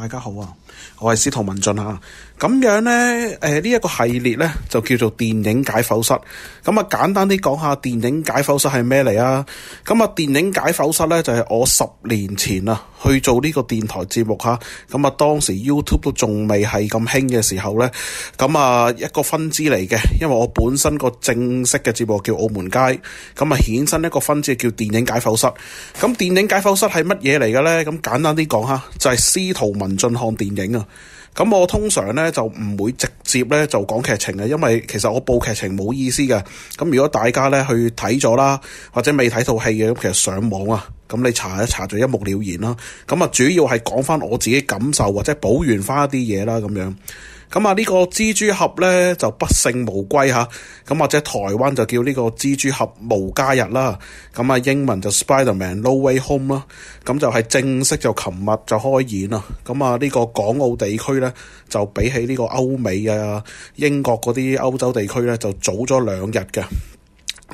大家好啊，我係司徒文進啊，咁樣呢，誒呢一個系列呢，就叫做電影解剖室，咁啊簡單啲講下電影解剖室係咩嚟啊，咁啊電影解剖室呢，就係、是、我十年前啊。去做呢個電台節目吓，咁啊當時 YouTube 都仲未係咁興嘅時候呢，咁啊一個分支嚟嘅，因為我本身個正式嘅節目叫《澳門街》啊，咁啊衍生一個分支叫電、啊《電影解剖室》啊。咁《就係、電影解剖室》係乜嘢嚟嘅呢？咁簡單啲講嚇，就係司徒文進看電影啊。咁、啊、我通常呢，就唔會直接呢就講劇情嘅，因為其實我報劇情冇意思嘅。咁如果大家呢去睇咗啦，或者未睇套戲嘅，咁其實上網啊，咁你查一查就一目了然啦。咁啊，主要係講返我自己感受或者補完返一啲嘢啦，咁樣。咁啊，呢個蜘蛛俠咧就不戰無歸嚇。咁、啊、或者台灣就叫呢個蜘蛛俠無家日啦。咁啊，英文就 Spider-Man No Way Home 啦、啊。咁就係正式就琴日就開演啦。咁啊，呢、啊這個港澳地區咧就比起呢個歐美啊、英國嗰啲歐洲地區咧就早咗兩日嘅。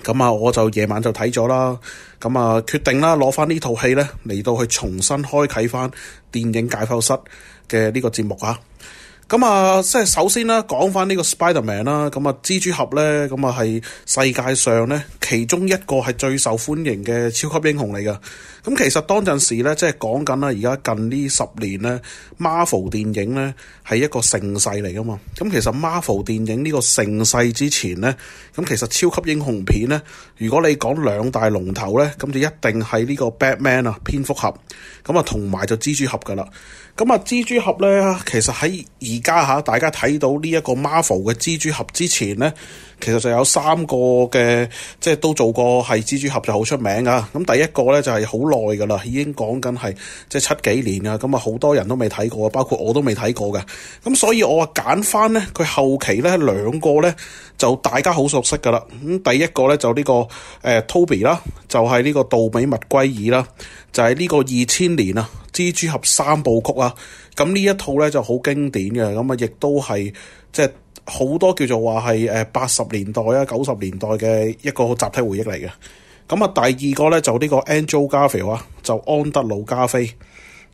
咁啊，我就夜晚就睇咗啦。咁啊，啊，決定啦，攞翻呢套戲咧嚟到去重新開啓翻電影解剖室嘅呢個節目嚇。啊咁啊，即係首先咧，講返呢個 Spider-Man 啦，咁啊，蜘蛛俠咧，咁啊係世界上咧其中一個係最受歡迎嘅超級英雄嚟噶。咁、啊、其實當陣時咧，即係講緊啦，而家近呢十年咧，Marvel 電影咧係一個盛世嚟噶嘛。咁、啊、其實 Marvel 電影呢個盛世之前咧，咁、啊、其實超級英雄片咧，如果你講兩大龍頭咧，咁就一定係呢個 Batman 啊，蝙蝠俠，咁啊同埋就蜘蛛俠噶啦。咁啊，蜘蛛俠咧，其實喺而家嚇大家睇到呢一個 Marvel 嘅蜘蛛俠之前咧，其實就有三個嘅，即係都做過係蜘蛛俠就好出名噶。咁第一個咧就係好耐噶啦，已經講緊係即係七幾年啊。咁啊，好多人都未睇過，包括我都未睇過嘅。咁所以我啊揀翻咧佢後期咧兩個咧就大家好熟悉噶啦。咁第一個咧就呢、呢個誒、呃、Toby 啦，就係、係、呢個杜比麥基爾啦，就係呢個二千年啊。蜘蛛俠三部曲啊，咁呢一套咧就好經典嘅，咁啊亦都係即係好多叫做話係誒八十年代啊九十年代嘅一個集體回憶嚟嘅。咁啊，第二個咧就呢個 Andrew Garfield 啊，就安德魯加菲，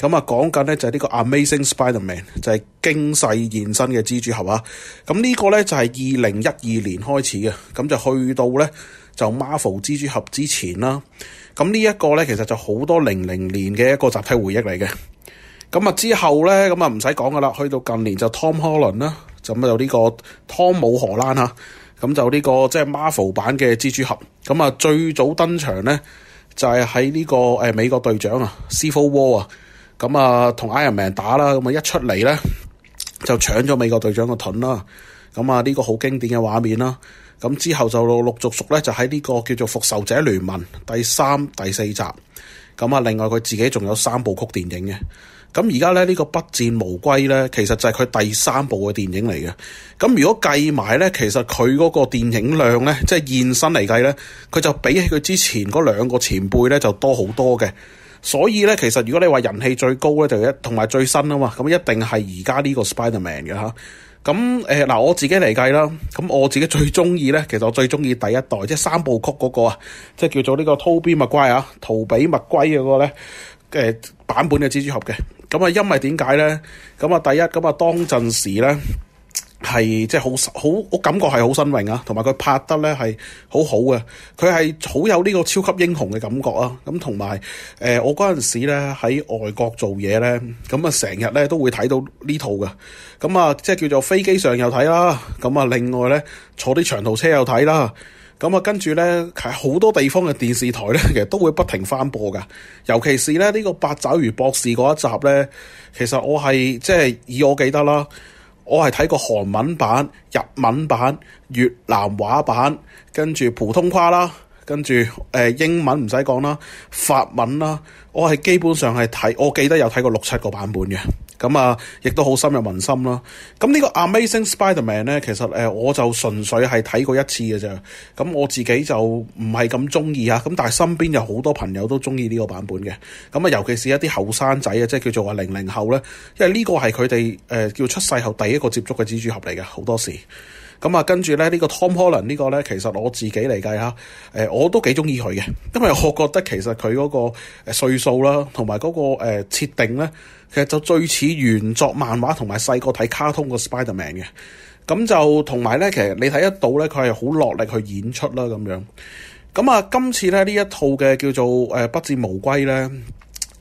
咁啊講緊咧就呢個 Amazing Spider-Man 就係驚世現身嘅蜘蛛俠啊。咁、這、呢個咧就係二零一二年開始嘅，咁就去到咧。就 Marvel 蜘蛛俠之前啦，咁呢一個咧，其實就好多零零年嘅一個集體回憶嚟嘅。咁啊之後咧，咁啊唔使講噶啦，去到近年就 Tom Holland 啦、這個，咁有呢個湯姆荷蘭啊，咁就呢、這個即係、就是、Marvel 版嘅蜘蛛俠。咁啊最早登場咧，就係喺呢個誒、呃、美國隊長啊 Civil War 啊，咁啊同 Iron Man 打啦，咁啊一出嚟咧就搶咗美國隊長盾個盾啦，咁啊呢個好經典嘅畫面啦。咁之後就陸陸續續咧，就喺呢個叫做復仇者聯盟第三、第四集。咁啊，另外佢自己仲有三部曲電影嘅。咁而家咧呢個不戰無歸咧，其實就係佢第三部嘅電影嚟嘅。咁如果計埋咧，其實佢嗰個電影量咧，即係現身嚟計咧，佢就比起佢之前嗰兩個前輩咧就多好多嘅。所以咧，其實如果你話人氣最高咧，就一同埋最新啊嘛，咁一定係而家呢個 Spider Man 嘅嚇。咁誒嗱我自己嚟計啦，咁我自己最鍾意咧，其實我最鍾意第一代，即係三部曲嗰個啊，即係叫做呢個塗比麥龜啊，逃避麥龜嗰個咧誒版本嘅蜘蛛俠嘅。咁啊，因為點解咧？咁啊，第一，咁啊，當陣時咧。係即係好好，我感覺係好新穎啊，同埋佢拍得咧係好好嘅，佢係好有呢個超級英雄嘅感覺啊！咁同埋誒，我嗰陣時咧喺外國做嘢咧，咁啊成日咧都會睇到呢套㗎，咁啊即係叫做飛機上又睇啦，咁啊另外咧坐啲長途車又睇啦，咁啊跟住咧係好多地方嘅電視台咧，其實都會不停翻播噶，尤其是咧呢個八爪魚博士嗰一集咧，其實我係即係以我記得啦。我係睇過韓文版、日文版、越南話版，跟住普通話啦，跟住誒、呃、英文唔使講啦，法文啦，我係基本上係睇，我記得有睇過六七個版本嘅。咁啊，亦、嗯、都好深入民心咯。咁、嗯、呢、這個《Amazing Spider-Man》咧，其實誒、呃，我就純粹係睇過一次嘅啫。咁、嗯、我自己就唔係咁中意啊。咁、嗯、但係身邊有好多朋友都中意呢個版本嘅。咁、嗯、啊，尤其是一啲後生仔啊，即係叫做話零零後咧，因為呢個係佢哋誒叫出世後第一個接觸嘅蜘蛛俠嚟嘅，好多時。咁啊，跟住咧呢、呢個 Tom Holland 個呢個咧，其實我自己嚟計吓，誒、呃、我都幾中意佢嘅，因為我覺得其實佢嗰個誒歲數啦，同埋嗰個誒設、呃、定咧，其實就最似原作漫畫同埋細個睇卡通個 Spider-Man 嘅。咁就同埋咧，其實你睇得到咧，佢係好落力去演出啦咁樣。咁啊，今次咧呢一套嘅叫做誒、呃、不戰無歸咧，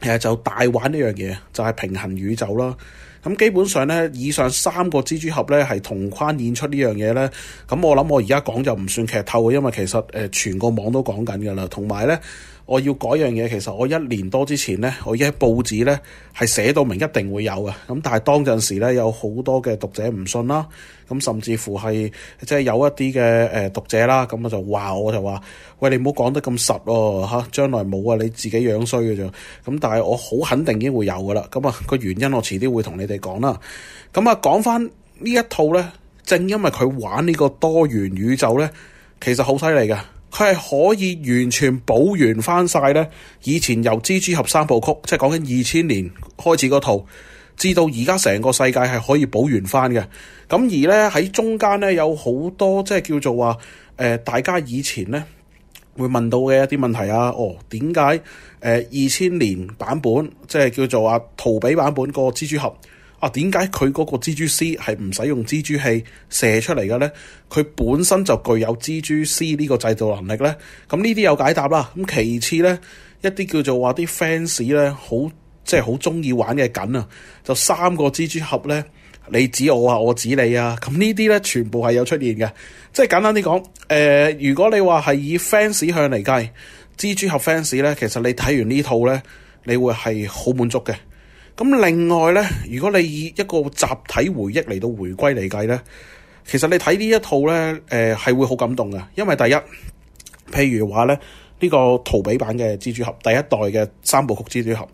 其、呃、實就大玩一樣嘢，就係、是、平衡宇宙啦。咁基本上咧，以上三個蜘蛛俠咧係同框演出呢樣嘢咧，咁我諗我而家講就唔算劇透嘅，因為其實誒、呃、全個網都講緊㗎啦，同埋咧。我要改樣嘢，其實我一年多之前呢，我已經喺報紙呢係寫到明一定會有嘅。咁但係當陣時呢，有好多嘅讀者唔信啦。咁甚至乎係即係有一啲嘅誒讀者啦，咁我就話我就話，喂，你唔好講得咁實喎嚇，將來冇啊，你自己樣衰嘅啫。咁但係我好肯定已經會有嘅啦。咁啊個原因我遲啲會同你哋講啦。咁啊講翻呢一套呢，正因為佢玩呢個多元宇宙呢，其實好犀利嘅。佢係可以完全補完翻晒咧，以前由蜘蛛俠三部曲，即係講緊二千年開始嗰套，至到而家成個世界係可以補完翻嘅。咁而咧，喺中間咧，有好多即係叫做話，誒、呃、大家以前咧會問到嘅一啲問題啊，哦點解誒二千年版本即係叫做啊陶比版本個蜘蛛俠？啊，點解佢嗰個蜘蛛絲係唔使用蜘蛛器射出嚟嘅咧？佢本身就具有蜘蛛絲呢個製造能力咧。咁呢啲有解答啦。咁其次咧，一啲叫做話啲 fans 咧，好即係好中意玩嘅梗啊，就三個蜘蛛俠咧，你指我啊，我指你啊。咁呢啲咧，全部係有出現嘅。即係簡單啲講，誒、呃，如果你話係以 fans 向嚟計，蜘蛛俠 fans 咧，其實你睇完呢套咧，你會係好滿足嘅。咁另外呢，如果你以一個集體回憶嚟到回歸嚟計呢，其實你睇呢一套呢，誒係會好感動嘅。因為第一，譬如話咧，呢、呢個圖比版嘅蜘蛛俠第一代嘅三部曲蜘蛛俠，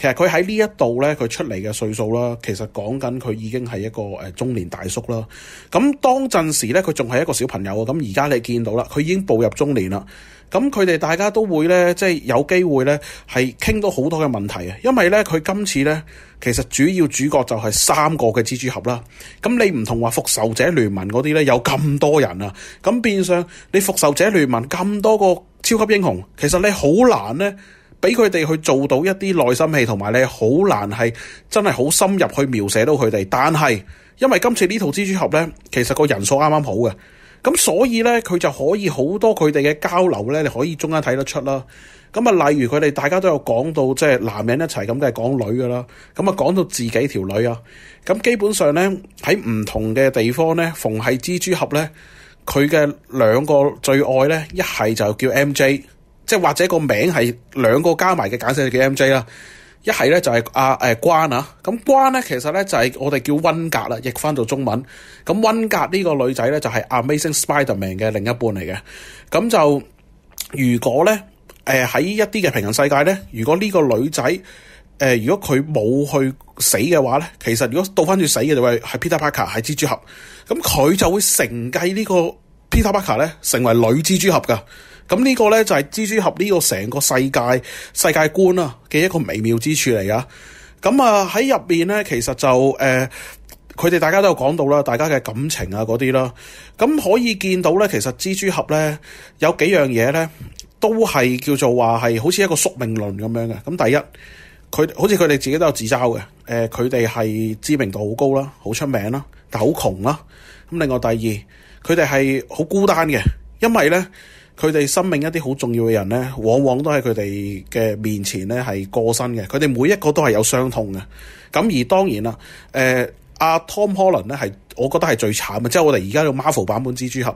其實佢喺呢一度呢，佢出嚟嘅歲數啦，其實講緊佢已經係一個誒中年大叔啦。咁當陣時呢，佢仲係一個小朋友啊，咁而家你見到啦，佢已經步入中年啦。咁佢哋大家都會呢，即係有機會呢，係傾到好多嘅問題啊。因為呢，佢今次呢，其實主要主角就係三個嘅蜘蛛俠啦。咁你唔同話復仇者聯盟嗰啲呢，有咁多人啊。咁變相你復仇者聯盟咁多個超級英雄，其實你好難呢，俾佢哋去做到一啲內心戲，同埋你好難係真係好深入去描寫到佢哋。但係因為今次呢套蜘蛛俠呢，其實個人數啱啱好嘅。咁所以呢，佢就可以好多佢哋嘅交流呢，你可以中間睇得出啦。咁啊，例如佢哋大家都有講到，即係男人一齊咁，梗係講女㗎啦。咁啊，講到自己條女啊。咁基本上呢，喺唔同嘅地方呢，逢係蜘蛛俠呢，佢嘅兩個最愛呢，一係就叫 M J，即係或者個名係兩個加埋嘅簡寫叫 M J 啦。一係咧就係阿誒關啊，咁關咧其實咧就係我哋叫溫格啦，譯翻到中文。咁、嗯、溫格呢個女仔咧就係 Amazing Spider-Man 嘅另一半嚟嘅。咁、嗯、就如果咧誒喺一啲嘅平行世界咧，如果呢、呃、如果呢個女仔誒、呃、如果佢冇去死嘅話咧，其實如果倒翻轉死嘅就係係 Peter Parker 係蜘蛛俠，咁、嗯、佢就會承繼呢個 Peter Parker 咧成為女蜘蛛俠噶。咁呢個呢，就係、是、蜘蛛俠呢個成個世界世界觀啊嘅一個微妙之處嚟啊。咁啊喺入邊呢，其實就誒，佢、呃、哋大家都有講到啦，大家嘅感情啊嗰啲啦。咁可以見到呢，其實蜘蛛俠呢，有幾樣嘢呢，都係叫做話係好似一個宿命論咁樣嘅。咁第一，佢好似佢哋自己都有自嘲嘅，誒、呃，佢哋係知名度好高啦，好出名啦，但好窮啦。咁另外第二，佢哋係好孤單嘅，因為呢。佢哋生命一啲好重要嘅人呢，往往都喺佢哋嘅面前呢，係過身嘅。佢哋每一個都係有傷痛嘅。咁而當然啦，誒阿 Tom Holland 呢係，我覺得係最慘嘅，即、就、係、是、我哋而家嘅 Marvel 版本蜘蛛俠，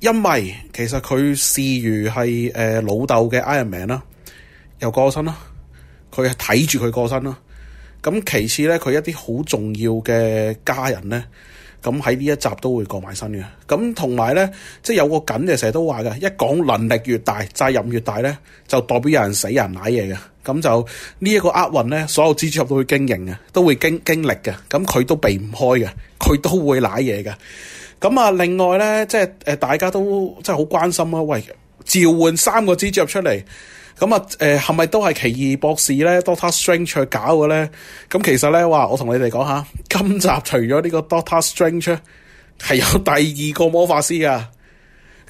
因為其實佢視如係誒、呃、老豆嘅 Iron Man 啦，又過身啦，佢係睇住佢過身啦。咁其次呢，佢一啲好重要嘅家人呢。咁喺呢一集都會過埋身嘅，咁同埋咧，即係有個梗嘅成日都話㗎，一講能力越大，責任越大咧，就代表有人死有人瀨嘢嘅，咁就呢一個厄運咧，所有蜘蛛俠都會經營嘅，都會經經歷嘅，咁佢都避唔開嘅，佢都會瀨嘢嘅。咁啊，另外咧，即係誒大家都即係好關心啊，喂，召喚三個蜘蛛俠出嚟。咁啊，誒係咪都係奇異博士咧，Doctor Strange 去搞嘅咧？咁其實咧，哇！我同你哋講下，今集除咗呢個 Doctor Strange，係有第二個魔法師噶。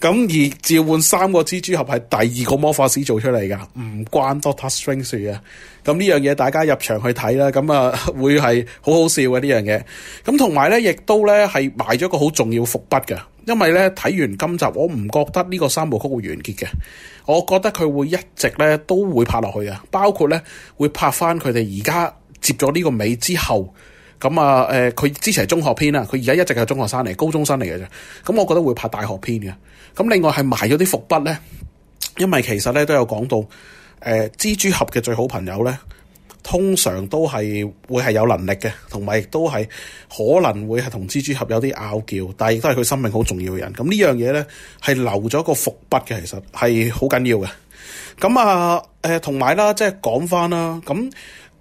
咁而召喚三個蜘蛛俠係第二個魔法師做出嚟噶，唔關 Doctor Strange 嘅啊。咁呢樣嘢大家入場去睇啦，咁啊會係好好笑嘅呢樣嘢。咁同埋咧，亦都咧係埋咗個好重要伏筆噶，因為咧睇完今集，我唔覺得呢個三部曲會完結嘅。我覺得佢會一直咧都會拍落去嘅，包括咧會拍翻佢哋而家接咗呢個尾之後，咁啊誒，佢、呃、之前係中學篇啦，佢而家一直係中學生嚟，高中生嚟嘅啫。咁我覺得會拍大學篇嘅。咁另外係埋咗啲伏筆咧，因為其實咧都有講到誒、呃、蜘蛛俠嘅最好朋友咧。通常都係會係有能力嘅，同埋亦都係可能會係同蜘蛛俠有啲拗撬，但係亦都係佢生命好重要嘅人。咁呢樣嘢咧係留咗個伏筆嘅，其實係好緊要嘅。咁啊，誒同埋啦，即係講返啦。咁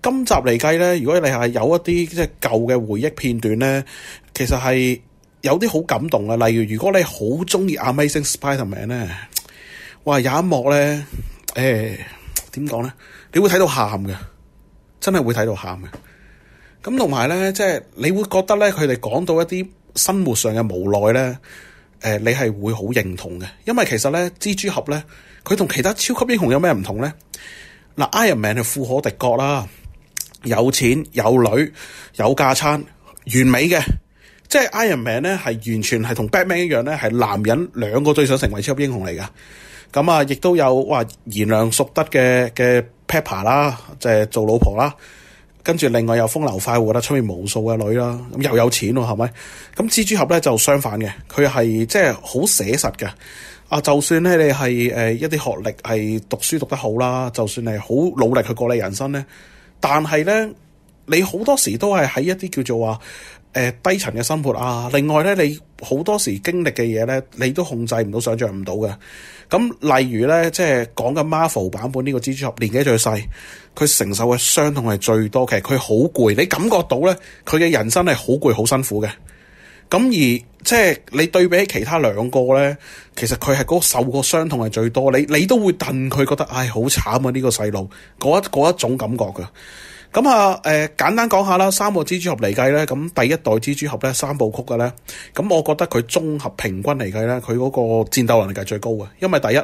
今集嚟計咧，如果你係有一啲即係舊嘅回憶片段咧，其實係有啲好感動嘅。例如如果你好中意《Amazing Spider-Man》咧，哇，有一幕咧，誒點講咧，你會睇到喊嘅。真係會睇到喊嘅，咁同埋咧，即係你會覺得咧，佢哋講到一啲生活上嘅無奈咧，誒、呃，你係會好認同嘅，因為其實咧，蜘蛛俠咧，佢同其他超級英雄有咩唔同咧？嗱、呃，Iron Man 係富可敵國啦，有錢有女有架撐，完美嘅，即係 Iron Man 咧，係完全係同 Batman 一樣咧，係男人兩個最想成為超級英雄嚟㗎，咁啊，亦都有話賢良淑德嘅嘅。Pepper 啦，即係做老婆啦，跟住另外又風流快活啦，出面無數嘅女啦，咁又有錢喎，係咪？咁蜘蛛俠咧就相反嘅，佢係即係好寫實嘅。啊，就算咧你係誒一啲學歷係讀書讀得好啦，就算係好努力去過你人生咧，但係咧你好多時都係喺一啲叫做話誒低層嘅生活啊。另外咧，你好多時經歷嘅嘢咧，你都控制唔到，想象唔到嘅。咁例如呢，即係講緊 Marvel 版本呢個蜘蛛俠年紀最細，佢承受嘅傷痛係最多，其實佢好攰，你感覺到呢，佢嘅人生係好攰好辛苦嘅。咁而即係你對比起其他兩個呢，其實佢係嗰個受過傷痛係最多，你你都會替佢覺得，唉，好慘啊，呢個細路嗰一一種感覺嘅。咁啊，誒簡單講下啦，三個蜘蛛俠嚟計咧，咁第一代蜘蛛俠咧三部曲嘅咧，咁我覺得佢綜合平均嚟計咧，佢嗰個戰鬥能力係最高嘅，因為第一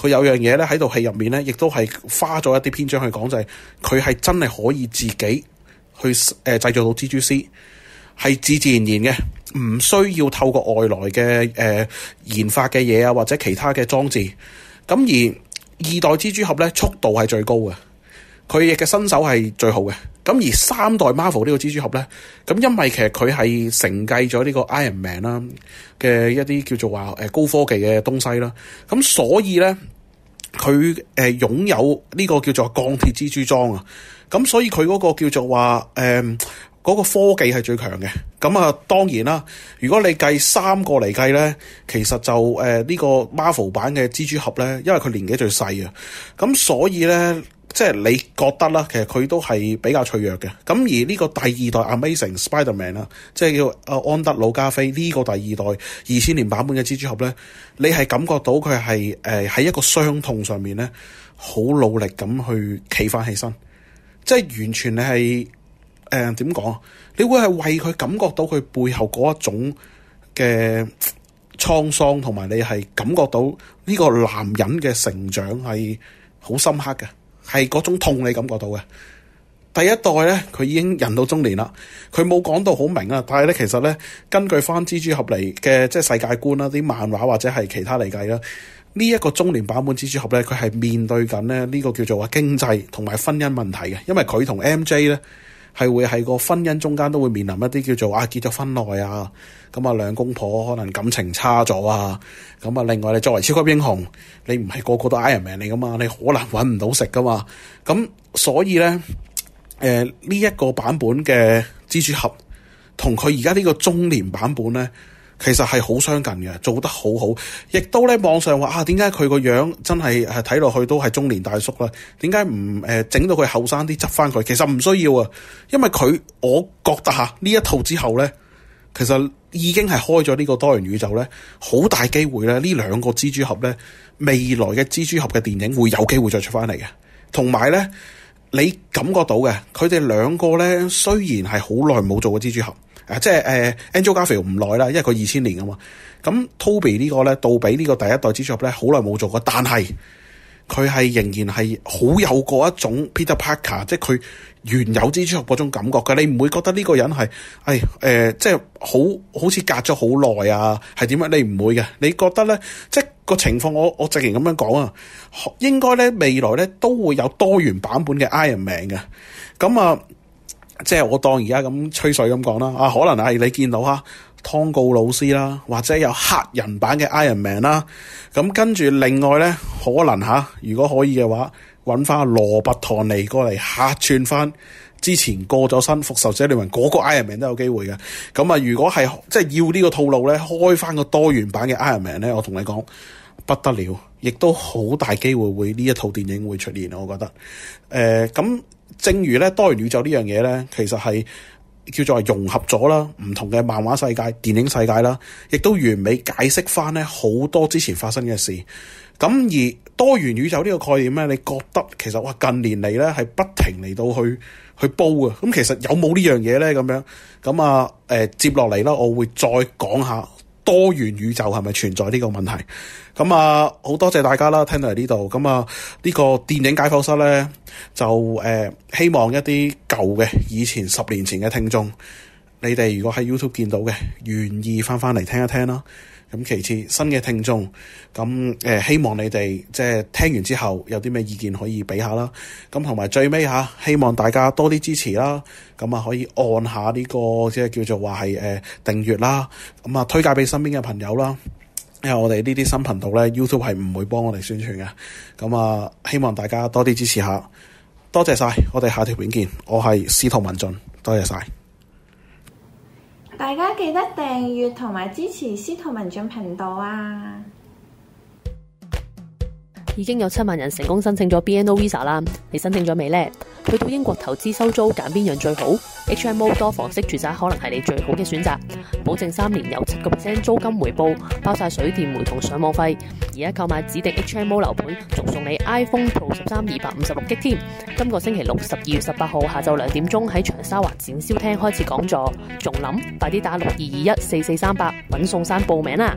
佢有一樣嘢咧喺度戲入面咧，亦都係花咗一啲篇章去講就係佢係真係可以自己去誒製造到蜘蛛絲，係自自然然嘅，唔需要透過外來嘅誒、呃、研發嘅嘢啊，或者其他嘅裝置。咁而二代蜘蛛俠咧速度係最高嘅。佢亦嘅身手係最好嘅，咁而三代 Marvel 呢個蜘蛛俠咧，咁因為其實佢係承繼咗呢個 Iron Man 啦嘅一啲叫做話誒高科技嘅東西啦，咁所以咧佢誒擁有呢個叫做鋼鐵蜘蛛裝啊，咁所以佢嗰個叫做話誒嗰個科技係最強嘅，咁啊當然啦，如果你計三個嚟計咧，其實就誒呢、啊這個 Marvel 版嘅蜘蛛俠咧，因為佢年紀最細啊，咁所以咧。即係你覺得啦，其實佢都係比較脆弱嘅。咁而呢個第二代 Amazing Spider Man 啦，即係叫安德魯加菲呢、這個第二代二千年版本嘅蜘蛛俠咧，你係感覺到佢係誒喺一個傷痛上面咧，好努力咁去企翻起身。即係完全你係誒點講？你會係為佢感覺到佢背後嗰一種嘅滄桑，同埋你係感覺到呢個男人嘅成長係好深刻嘅。係嗰種痛你感覺到嘅，第一代咧佢已經人到中年啦，佢冇講到好明啊，但係咧其實咧根據翻蜘蛛俠嚟嘅即係世界觀啦，啲漫畫或者係其他嚟計啦，呢、這、一個中年版本蜘蛛俠咧，佢係面對緊咧呢個叫做經濟同埋婚姻問題嘅，因為佢同 MJ 咧。係會喺個婚姻中間都會面臨一啲叫做啊，結咗婚耐啊咁，啊兩公婆可能感情差咗啊，咁啊、嗯、另外你作為超級英雄，你唔係個個都 Iron Man 嚟噶嘛，你可能搵唔到食噶嘛，咁、嗯、所以咧，誒呢一個版本嘅蜘蛛俠同佢而家呢個中年版本咧。其實係好相近嘅，做得好好，亦都咧網上話啊，點解佢個樣真係係睇落去都係中年大叔啦？呃、點解唔誒整到佢後生啲執翻佢？其實唔需要啊，因為佢，我覺得吓呢一套之後咧，其實已經係開咗呢個多元宇宙咧，好大機會咧，呢兩個蜘蛛俠咧，未來嘅蜘蛛俠嘅電影會有機會再出翻嚟嘅。同埋咧，你感覺到嘅佢哋兩個咧，雖然係好耐冇做過蜘蛛俠。即係誒、呃、Andrew Garfield 唔耐啦，因為佢二千年吖嘛。咁 Toby 呢個咧，道比呢個第一代蜘蛛俠咧，好耐冇做過，但係佢係仍然係好有嗰一種 Peter Parker，即係佢原有蜘蛛俠嗰種感覺嘅。你唔會覺得呢個人係誒誒，即係好好似隔咗好耐啊，係點樣？你唔會嘅，你覺得咧，即係個情況我，我我直情咁樣講啊，應該咧未來咧都會有多元版本嘅 Iron Man 嘅。咁啊～即係我當而家咁吹水咁講啦，啊可能係你見到吓湯告老師啦，或者有黑人版嘅 Iron Man 啦，咁、啊、跟住另外咧可能吓、啊，如果可以嘅話，搵翻羅伯唐尼過嚟客串翻之前過咗身復仇者聯盟嗰個 Iron Man 都有機會嘅。咁啊，如果係即係要呢個套路咧，開翻個多元版嘅 Iron Man 咧，我同你講不得了，亦都好大機會會呢一套電影會出現，我覺得誒咁。呃正如咧多元宇宙呢樣嘢咧，其實係叫做融合咗啦，唔同嘅漫畫世界、電影世界啦，亦都完美解釋翻咧好多之前發生嘅事。咁而多元宇宙呢個概念咧，你覺得其實哇近年嚟咧係不停嚟到去去煲嘅。咁其實有冇呢樣嘢咧？咁樣咁啊？誒，接落嚟啦，我會再講下。多元宇宙係咪存在呢個問題？咁啊，好多謝大家啦，聽到嚟呢度咁啊，呢個電影解剖室呢，就誒、呃，希望一啲舊嘅以前十年前嘅聽眾，你哋如果喺 YouTube 見到嘅，願意翻翻嚟聽一聽啦。咁其次新嘅聽眾，咁誒希望你哋即係聽完之後有啲咩意見可以畀下啦。咁同埋最尾吓，希望大家多啲支持啦。咁啊可以按下呢個即係叫做話係誒訂閱啦。咁啊推介畀身邊嘅朋友啦。因為我哋呢啲新頻道咧，YouTube 係唔會幫我哋宣傳嘅。咁啊希望大家多啲支持下。多謝晒，我哋下條片見。我係司徒文進，多謝晒。大家記得訂閱同埋支持司徒文進頻道啊！已經有七萬人成功申請咗 BNO Visa 啦，你申請咗未呢？去到英國投資收租揀邊樣最好？HMO 多房式住宅可能係你最好嘅選擇，保證三年有七個 percent 租金回報，包晒水電煤同上網費。而家購買指定 HMO 樓盤，仲送你 iPhone Pro 十三二百五十六 G 添。今個星期六十二月十八號下晝兩點鐘喺長沙灣展銷廳開始講座，仲諗快啲打六二二一四四三八揾宋生報名啦！